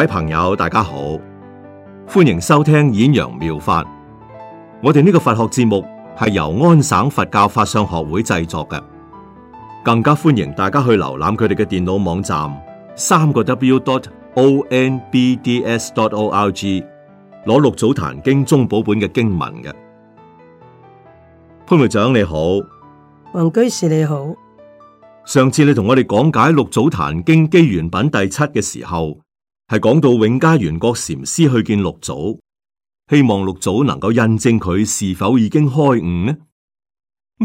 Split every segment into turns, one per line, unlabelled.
各位朋友，大家好，歡迎收聽演揚妙妙法。我哋呢個佛學節目係由安省佛教法相學會製作嘅，更加歡迎大家去瀏覽佢哋嘅電腦網站三個 w.dot.o.n.b.d.s.dot.o.r.g，攞六祖壇經中寶本嘅經文嘅。潘會長你好，
黃居士你好。
上次你同我哋講解六祖壇經機緣品第七嘅時候。係講到永嘉元覺禪師去見六祖，希望六祖能夠印證佢是否已經開悟呢？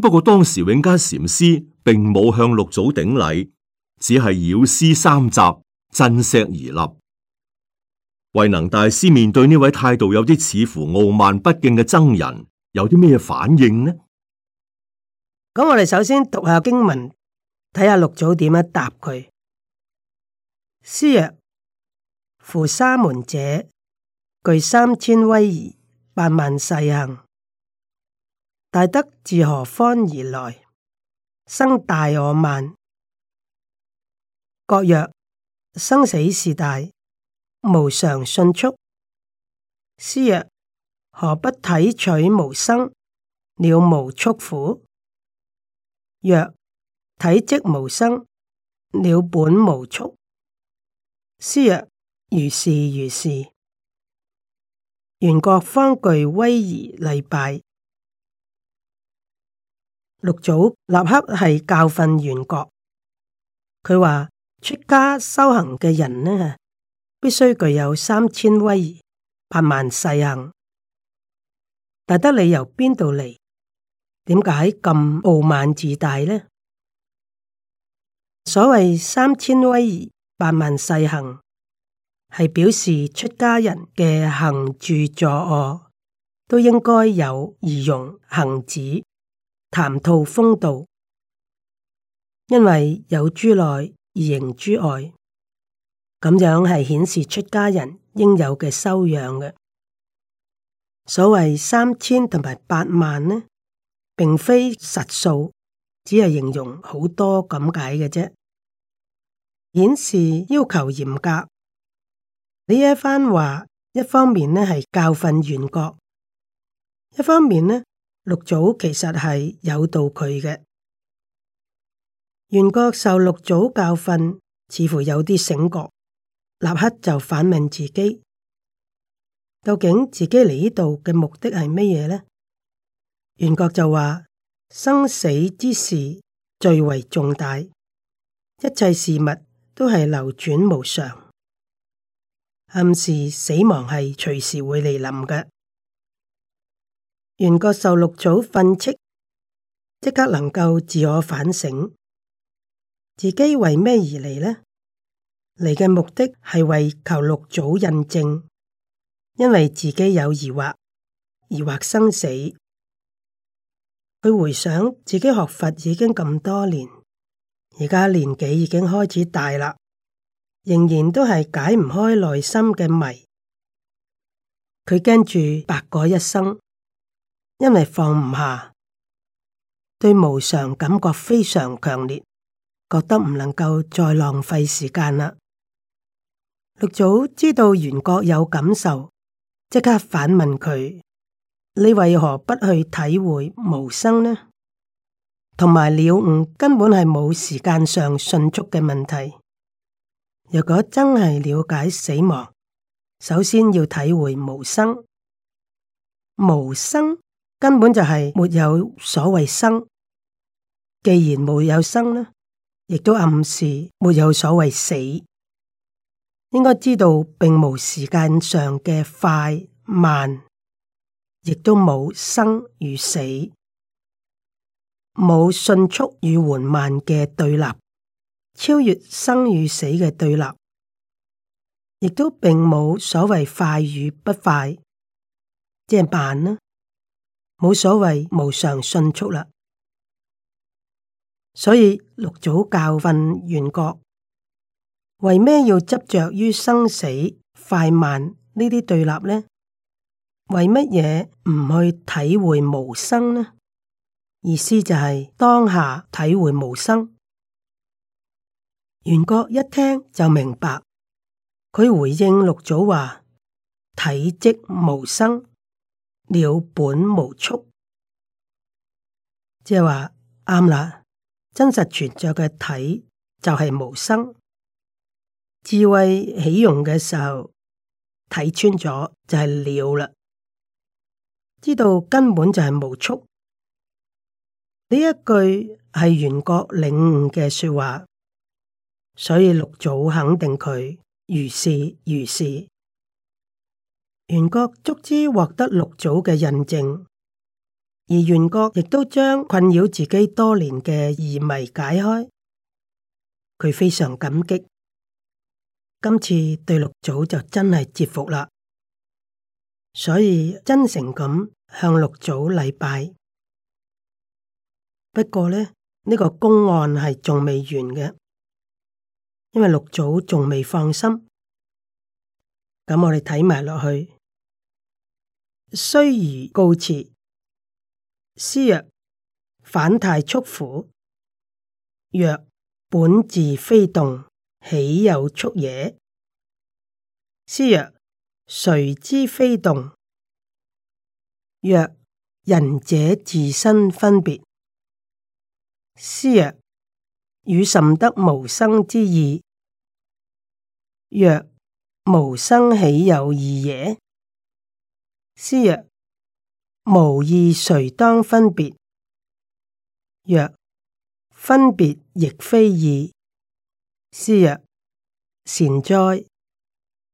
不過當時永嘉禪師並冇向六祖頂禮，只係繞師三匝，振錫而立。慧能大師面對呢位態度有啲似乎傲慢不敬嘅僧人，有啲咩反應呢？
咁我哋首先讀下經文，睇下六祖點樣答佢。師曰。夫沙門者，具三千威儀，八萬世行，大德自何方而來？生大我慢，國曰：生死是大，無常迅速。師曰：何不體取無生，了無速苦？若體即無生，了本無速。師曰。如是如是，元覺方具威儀禮拜六祖，立刻係教訓元覺。佢話出家修行嘅人呢，必須具有三千威儀、八萬世行。大德你由邊度嚟？點解咁傲慢自大呢？所謂三千威儀、八萬世行，係表示出家人嘅行住坐臥都應該有儀容、行止、談吐風度，因為有諸內而形諸外，咁樣係顯示出家人應有嘅修養嘅。所謂三千同埋八萬呢，並非實數，只係形容好多咁解嘅啫，顯示要求嚴格。呢一番話，一方面咧係教訓袁國，一方面咧六祖其實係誘導佢嘅。袁國受六祖教訓，似乎有啲醒覺，立刻就反問自己：「究竟自己嚟呢度嘅目的係乜嘢呢？」袁國就話：生死之事最為重大，一切事物都係流轉無常。暗示死亡係隨時會來臨嘅，圓覺受六祖訓斥，即刻能夠自我反省，自己為咩而嚟呢？嚟嘅目的係為求六祖印證，因為自己有疑惑，疑惑生死，佢回想自己學佛已經咁多年，而家年紀已經開始大啦。仍然都係解唔開內心嘅謎，佢驚住白過一生，因為放唔下，對無常感覺非常強烈，覺得唔能夠再浪費時間啦。六祖知道玄覺有感受，即刻反問佢：你為何不去體會無生呢？同埋了悟根本係冇時間上迅速嘅問題。如果真係了解死亡，首先要體會無生。無生根本就係沒有所謂生。既然冇有生呢，亦都暗示沒有所謂死。應該知道，並無時間上嘅快慢，亦都冇生與死，冇迅速與緩慢嘅對立。超越生與死嘅對立，亦都並冇所謂快與不快，即係慢呢，冇所謂無常迅速啦。所以六祖教訓玄覺，為咩要執着於生死、快慢呢啲對立呢？為乜嘢唔去體會無生呢？意思就係、是、當下體會無生。袁國一聽就明白，佢回應六祖話：體即無生，了本無畜」就是，即係話啱啦，真實存在嘅體就係無生，智慧起用嘅時候睇穿咗就係了啦，知道根本就係無畜。呢一句係袁國領悟嘅說話。所以六祖肯定佢，如是如是。玄覺足之獲得六祖嘅印證，而玄覺亦都將困擾自己多年嘅疑迷解開，佢非常感激。今次對六祖就真係折服啦，所以真誠咁向六祖禮拜。不過呢，呢個公案係仲未完嘅。因為六祖仲未放心，咁我哋睇埋落去。雖如告辭，師曰：返太速乎？若本自非動，豈有速也？師曰：誰知非動？若仁者自身分別。師曰：與甚得無生之意。若無生豈有意也？師曰：無意誰當分別？若分別亦非意。師曰：善哉！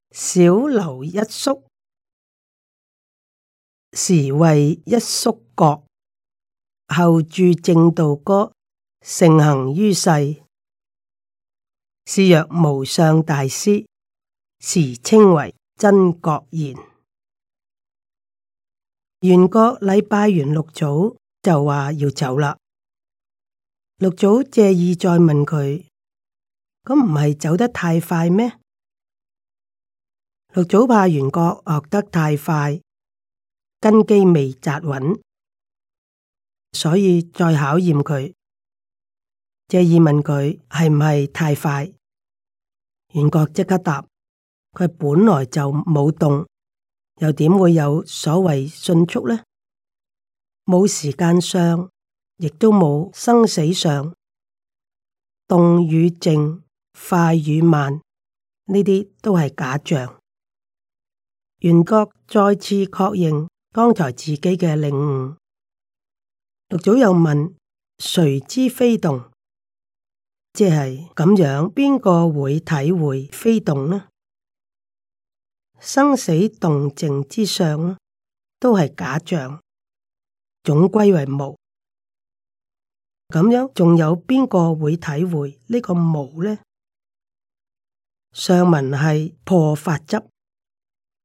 小留一宿，時謂一宿覺。後著正道歌，盛行于世。師曰：無上大師。時稱為曾國賢。元國禮拜完六祖就話要走啦。六祖借意再問佢，咁唔係走得太快咩？六祖怕元國學得太快，根基未扎穩，所以再考驗佢。借意問佢係唔係太快？元國即刻答。佢本來就冇動，又點會有所謂迅速呢？冇時間上，亦都冇生死上，動與靜、快與慢呢啲都係假象。袁覺再次確認剛才自己嘅領悟。六祖又問：誰知非動？即係咁樣，邊個會體會非動呢？生死動靜之上，都係假象，總歸為無。咁樣仲有邊個會體會呢個無呢？上文係破法執，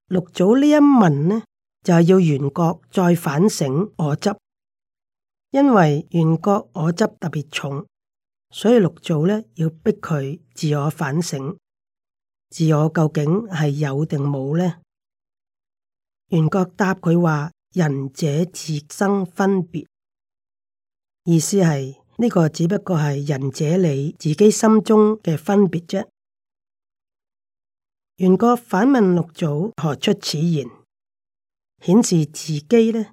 六祖呢一文呢就係、是、要圓覺再反省我執，因為圓覺我執特別重，所以六祖呢要逼佢自我反省。自我究竟係有定冇呢？玄覺答佢話：仁者自生分別，意思係呢、這個只不過係仁者你自己心中嘅分別啫。玄覺反問六祖：何出此言？顯示自己呢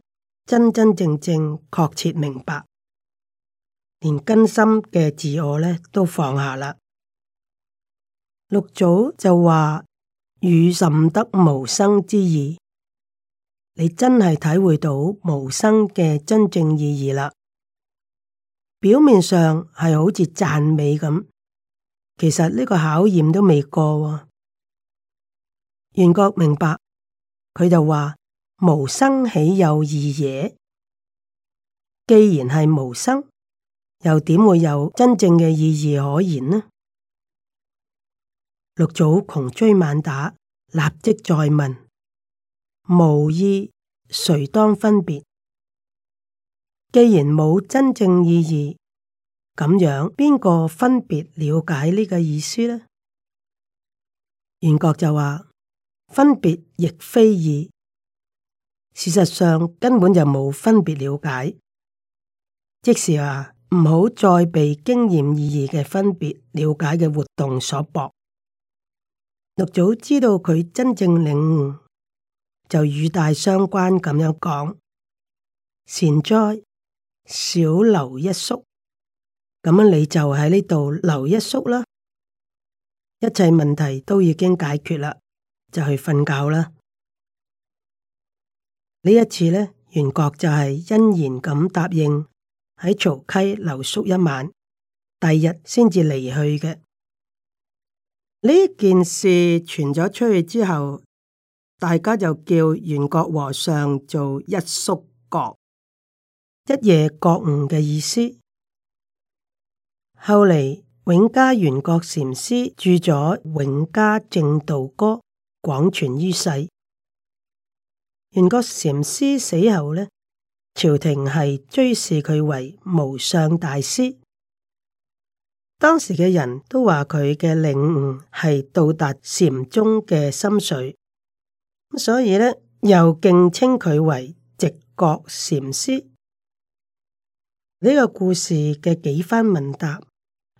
真真正正確切明白，連根深嘅自我呢都放下啦。六祖就話：與甚得無生之意，你真係體會到無生嘅真正意義啦。表面上係好似讚美咁，其實呢個考驗都未過。圓覺明白，佢就話：無生豈有意耶？既然係無生，又點會有真正嘅意義可言呢？六祖窮追猛打，立即再問：無意？誰當分別？既然冇真正意義，咁樣邊個分別了解呢個意思呢？圓覺就話：分別亦非義，事實上根本就冇分別了解，即是話唔好再被經驗意義嘅分別了解嘅活動所搏。六祖知道佢真正領悟，就語帶相關咁樣講：善哉，少留一宿，咁樣你就喺呢度留一宿啦。一切問題都已經解決啦,就去瞓覺啦。呢一次呢，玄覺就係欣然咁答應喺曹溪留宿一晚，第二日先至離去嘅。呢件事傳咗出去之後，大家就叫圓覺和尚做一宿覺、一夜覺悟嘅意思。後嚟永嘉元覺禪師著咗《永嘉證道歌》，廣傳於世。圓覺禪師死後呢，朝廷係追視佢為無相大師。當時嘅人都話佢嘅領悟係到達禪宗嘅心水，所以呢又敬稱佢為直覺禪師。呢個故事嘅幾番問答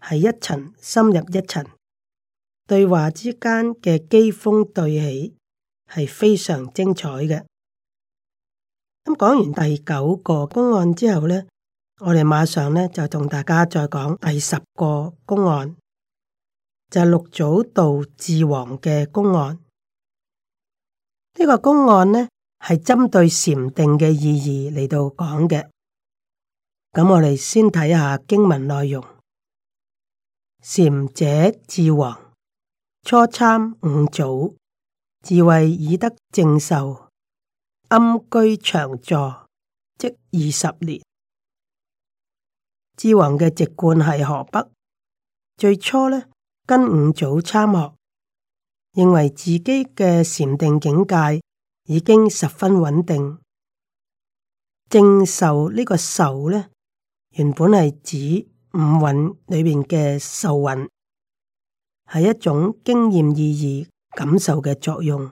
係一層深入一層，對話之間嘅機鋒對起係非常精彩嘅。咁講完第九個公案之後呢。我哋馬上呢，就同大家再講第十個公案，就係、是、六祖道智隍嘅公案。呢、這個公案呢，係針對禪定嘅意義嚟到講嘅。咁我哋先睇下經文內容：禪者智隍，初參五祖，自謂已得正受，庵居長坐，即二十年。智隍嘅籍貫係河北，最初咧跟五祖參學，認為自己嘅禪定境界已經十分穩定。正受呢個受咧，原本係指五蘊裏面嘅受蘊，係一種經驗意義感受嘅作用。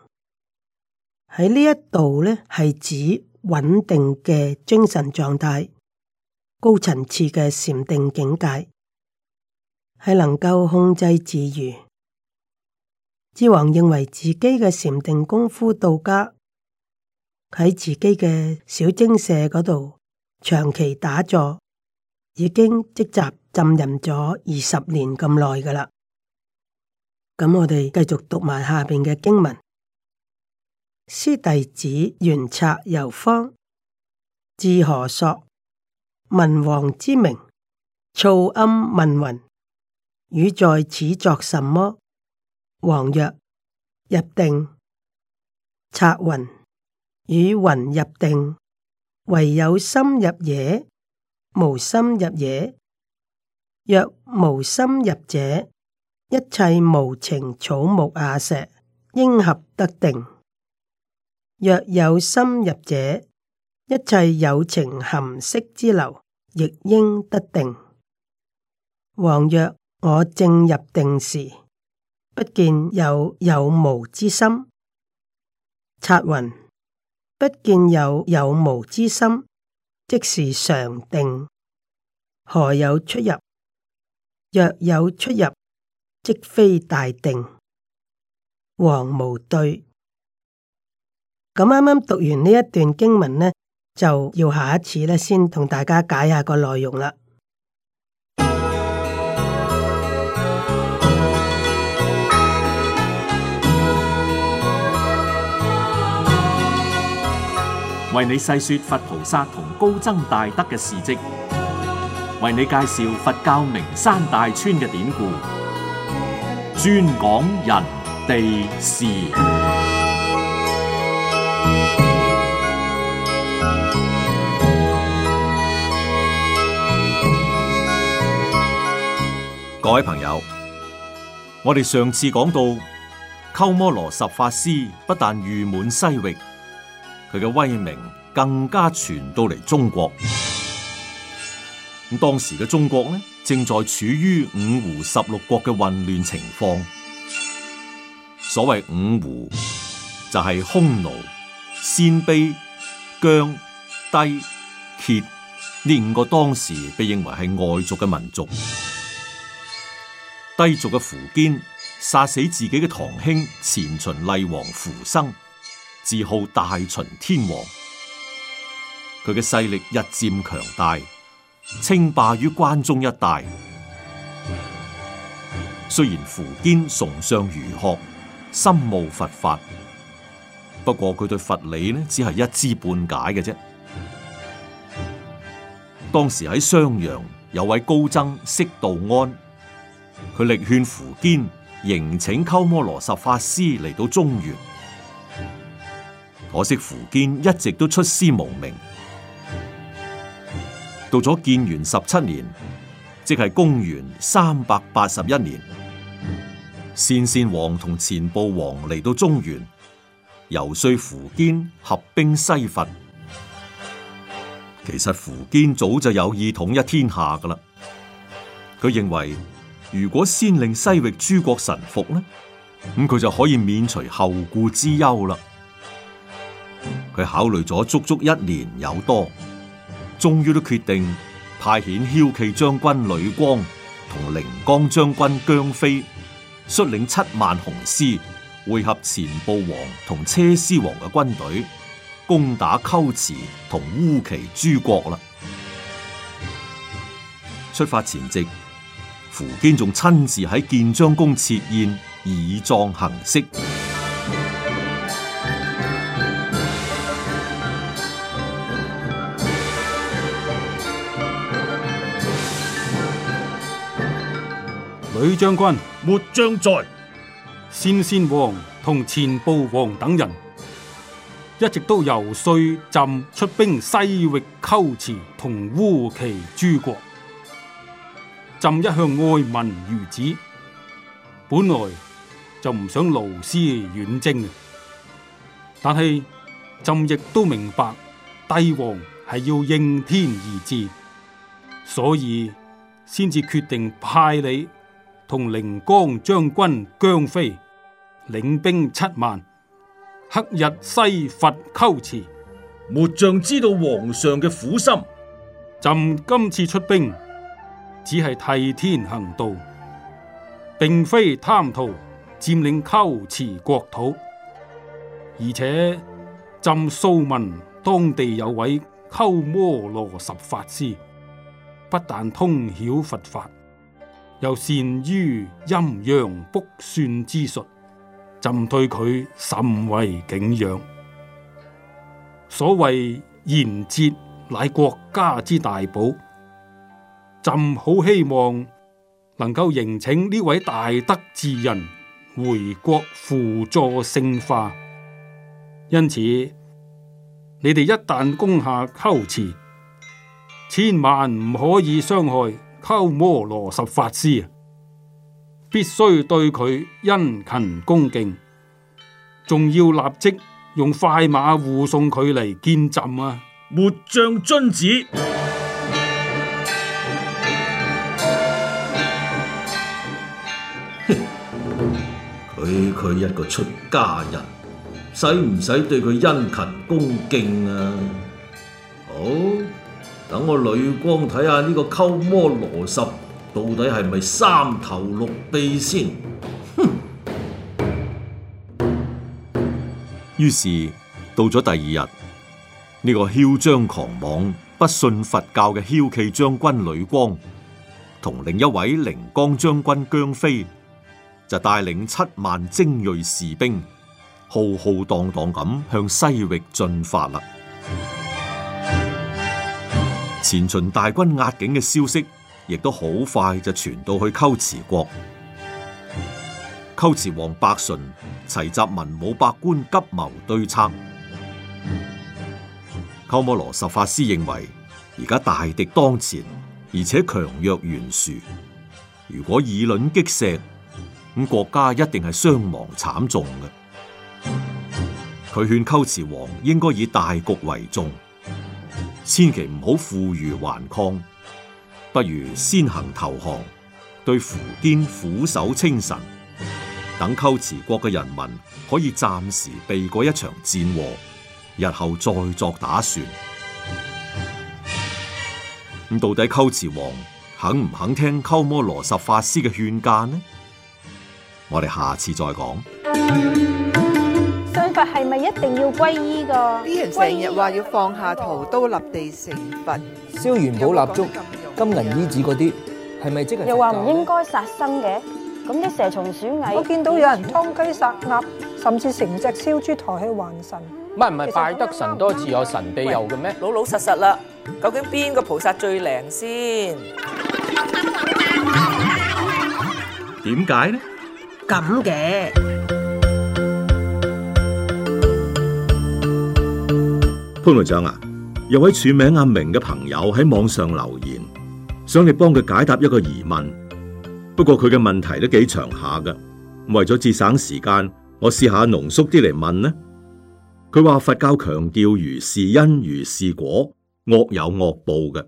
喺呢一度咧係指穩定嘅精神狀態。高層次嘅禪定境界，係能夠控制自如。智隍認為自己嘅禪定功夫到家，喺自己嘅小精舍嗰度長期打坐，已經積集浸淫咗二十年咁耐噶啦。咁我哋繼續讀埋下邊嘅經文：師弟子玄策遊方至河朔，」文王之名，造庵問云：汝在此作什麼？王曰：入定。策云：汝云入定，唯有心入也，無心入也。若無心入者，一切無情草木瓦石應合得定；若有心入者，一切有情含色之流。亦應得定。王曰：我正入定時，不見有有無之心。策云：不見有有無之心，即是常定。何有出入？若有出入，即非大定。王無對。咁啱啱讀完呢一段經文呢？就要下一次咧，先同大家解下個內容啦。
為你細說佛菩薩同高僧大德嘅事跡，為你介紹佛教名山大川嘅典故，專講人地事。各位朋友，我哋上次講到鳩摩羅什法師不但譽滿西域，佢嘅威名更加傳到嚟中國。咁當時嘅中國呢，正在處於五胡十六國嘅混亂情況。所謂五胡，就係、是、匈奴、鮮卑、羌、氐、羯呢五個當時被認為係外族嘅民族。低族嘅苻堅殺死自己嘅堂兄前秦厲王苻生，自號大秦天王。佢嘅勢力日漸強大，稱霸於關中一帶。雖然苻堅崇尚儒學，心慕佛法，不過佢對佛理咧只係一知半解嘅啫。當時喺襄陽有位高僧釋道安。佢力勸苻堅迎請鳩摩羅什法師嚟到中原，可惜苻堅一直都出師無名。到咗建元十七年，即係公元三百八十一年，鄯善王同前部王嚟到中原，遊說苻堅合兵西伐。其實苻堅早就有意統一天下噶啦，佢認為。如果先令西域諸國臣服呢，咁佢就可以免除後顧之憂啦。佢考慮咗足足一年有多，終於都決定派遣驍騎將軍呂光同陵江將軍姜飛率領七萬雄師，匯合前部王同車師王嘅軍隊，攻打龜茲同烏耆諸國啦。出發前夕。苻堅仲親自喺建章宮設宴以壯行色。
呂將軍，末將在。鄯善王同前部王等人，一直都遊說朕出兵西域、龜茲同烏耆諸國。朕一向愛民如子，本來就唔想勞師遠征。但係朕亦都明白，帝王係要應天而治，所以先至決定派你同靈光將軍姜飛領兵七萬，克日西伐寇池。末將知道皇上嘅苦心。朕今次出兵，只係替天行道，并非貪圖占領龜茲國土。而且朕素聞當地有位鳩摩羅什法師，不但通曉佛法，又善於陰陽卜算之術。朕對佢甚為敬仰。所謂賢哲，乃國家之大寶。朕好希望能夠迎請呢位大德智人回國輔助聖化，因此你哋一旦攻下龜茲，千萬唔可以傷害鳩摩羅什法師啊！必須對佢殷勤恭敬，仲要立即用快馬護送佢嚟見朕啊！末將遵旨。
佢一個出家人，使唔使對佢殷勤恭敬啊？好，等我呂光睇下呢個鳩摩羅什到底係咪三頭六臂先？哼！於是到咗第二日，呢個囂張狂妄、不信佛教嘅囂氣將軍呂光，同另一位陵江將軍姜飛。就帶領七萬精銳士兵浩浩蕩蕩咁向西域進發啦。前秦大軍壓境嘅消息，亦都好快就傳到去龜茲國。龜茲王白順齊集文武百官急謀，急謀對策。鳩摩羅什法師認為，而家大敵當前，而且強弱懸殊，如果以卵擊石。咁國家一定係傷亡慘重嘅。佢勸鳩慈王應該以大局為重，千祈唔好負隅頑抗，不如先行投降，對苻堅俯首稱臣，等鳩慈國嘅人民可以暫時避過一場戰禍，日後再作打算。咁到底鳩慈王肯唔肯聽鳩摩羅什法師嘅勸諫呢？我哋下次再講。
信佛係咪一定要皈依噶？
啲人成日話要放下屠刀立地成佛，燒元寶蠟燭、金銀衣紙嗰啲，係咪即係？又話唔應
該殺生嘅，咁啲蛇蟲鼠蟻，我見到有人劏雞殺鴨，甚至成隻燒豬抬去還神。
唔係唔係，拜得神多自有神庇佑嘅咩？老老實實啦，究竟邊個菩薩最靚
先？
點解呢？咁嘅潘隊長啊，有位署名阿明嘅朋友喺網上留言，想你幫佢解答一個疑問。不過佢嘅問題都幾長下噶，為咗節省時間，我試下濃縮啲嚟問呢。佢話佛教強調如是因如是果，惡有惡報嘅。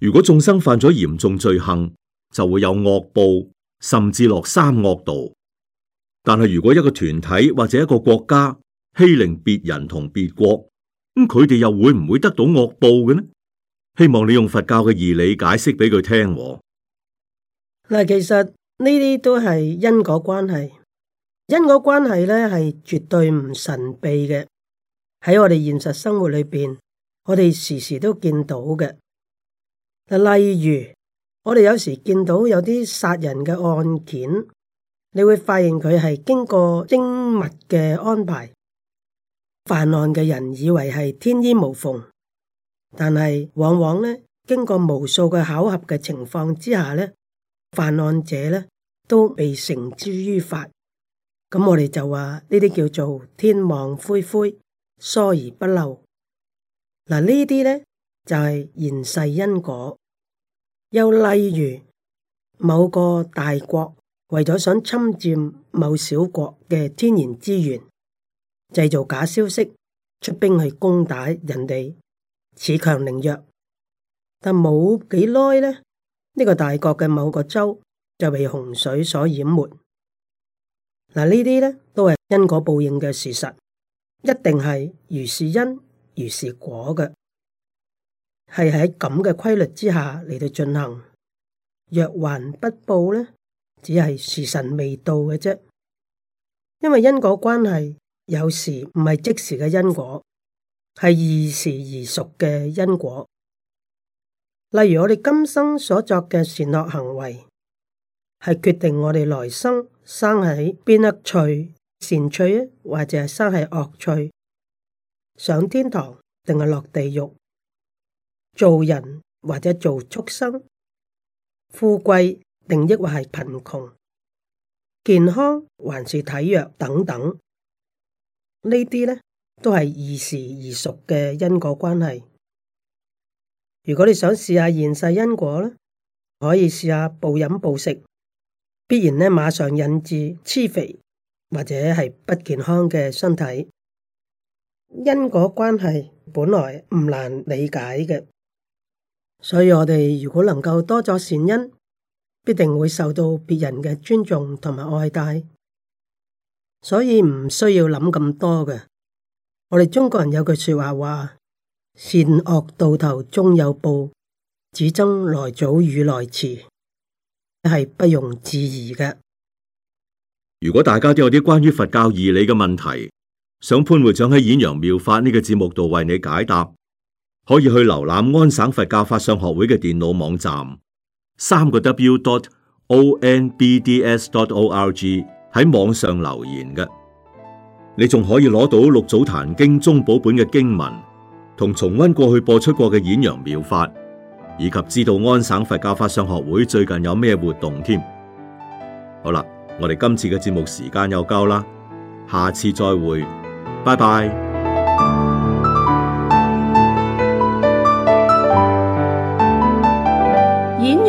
如果眾生犯咗嚴重罪行，就會有惡報。甚至落三惡道。但係如果一個團體或者一個國家欺凌別人同別國，咁佢哋又會唔會得到惡報嘅呢？希望你用佛教嘅義理解釋俾佢聽。
嗱，其實呢啲都係因果關係，因果關係咧係絕對唔神秘嘅。喺我哋現實生活裏邊，我哋時時都見到嘅。嗱，例如。我哋有時見到有啲殺人嘅案件，你會發現佢係經過精密嘅安排。犯案嘅人以為係天衣無縫，但係往往呢，經過無數嘅巧合嘅情況之下呢，犯案者呢都未繩之於法。咁我哋就話呢啲叫做天網恢恢，疏而不漏。嗱，呢啲呢就係、是、現世因果。又例如某個大國為咗想侵占某小國嘅天然資源，製造假消息，出兵去攻打人哋，恃強凌弱。但冇幾耐呢，呢個大國嘅某個州就被洪水所淹沒。嗱，呢啲呢都係因果報應嘅事實，一定係如是因如是果嘅。係喺咁嘅規律之下嚟到進行，若還不報呢，只係時辰未到嘅啫。因為因果關係有時唔係即時嘅因果，係異時而熟嘅因果。例如我哋今生所作嘅善惡行為，係決定我哋來生生喺邊一趣善趣，或者係生喺惡趣，上天堂定係落地獄。做人或者做畜生，富貴定抑或係貧窮，健康還是體弱等等，呢啲呢都係異時異熟嘅因果關係。如果你想試下現世因果咧，可以試下暴飲暴食，必然呢馬上引致痴肥或者係不健康嘅身體。因果關係本來唔難理解嘅。所以我哋如果能夠多作善因，必定會受到別人嘅尊重同埋愛戴。所以唔需要諗咁多嘅。我哋中國人有句話說話話：善惡到頭終有報，只爭來早與來遲，係不容置疑嘅。
如果大家都有啲關於佛教義理嘅問題，想潘會長喺《演揚妙法》呢、這個節目度為你解答。可以去瀏覽安省佛教法相學會嘅電腦網站，三個 w.dot o.n.b.d.s.dot o.r.g 喺網上留言嘅。你仲可以攞到六祖壇經中寶本嘅經文，同重温過去播出過嘅演揚妙法，以及知道安省佛教法相學會最近有咩活動添。好啦，我哋今次嘅節目時間又夠啦，下次再會，拜拜。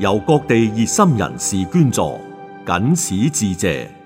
由各地熱心人士捐助，謹此致謝。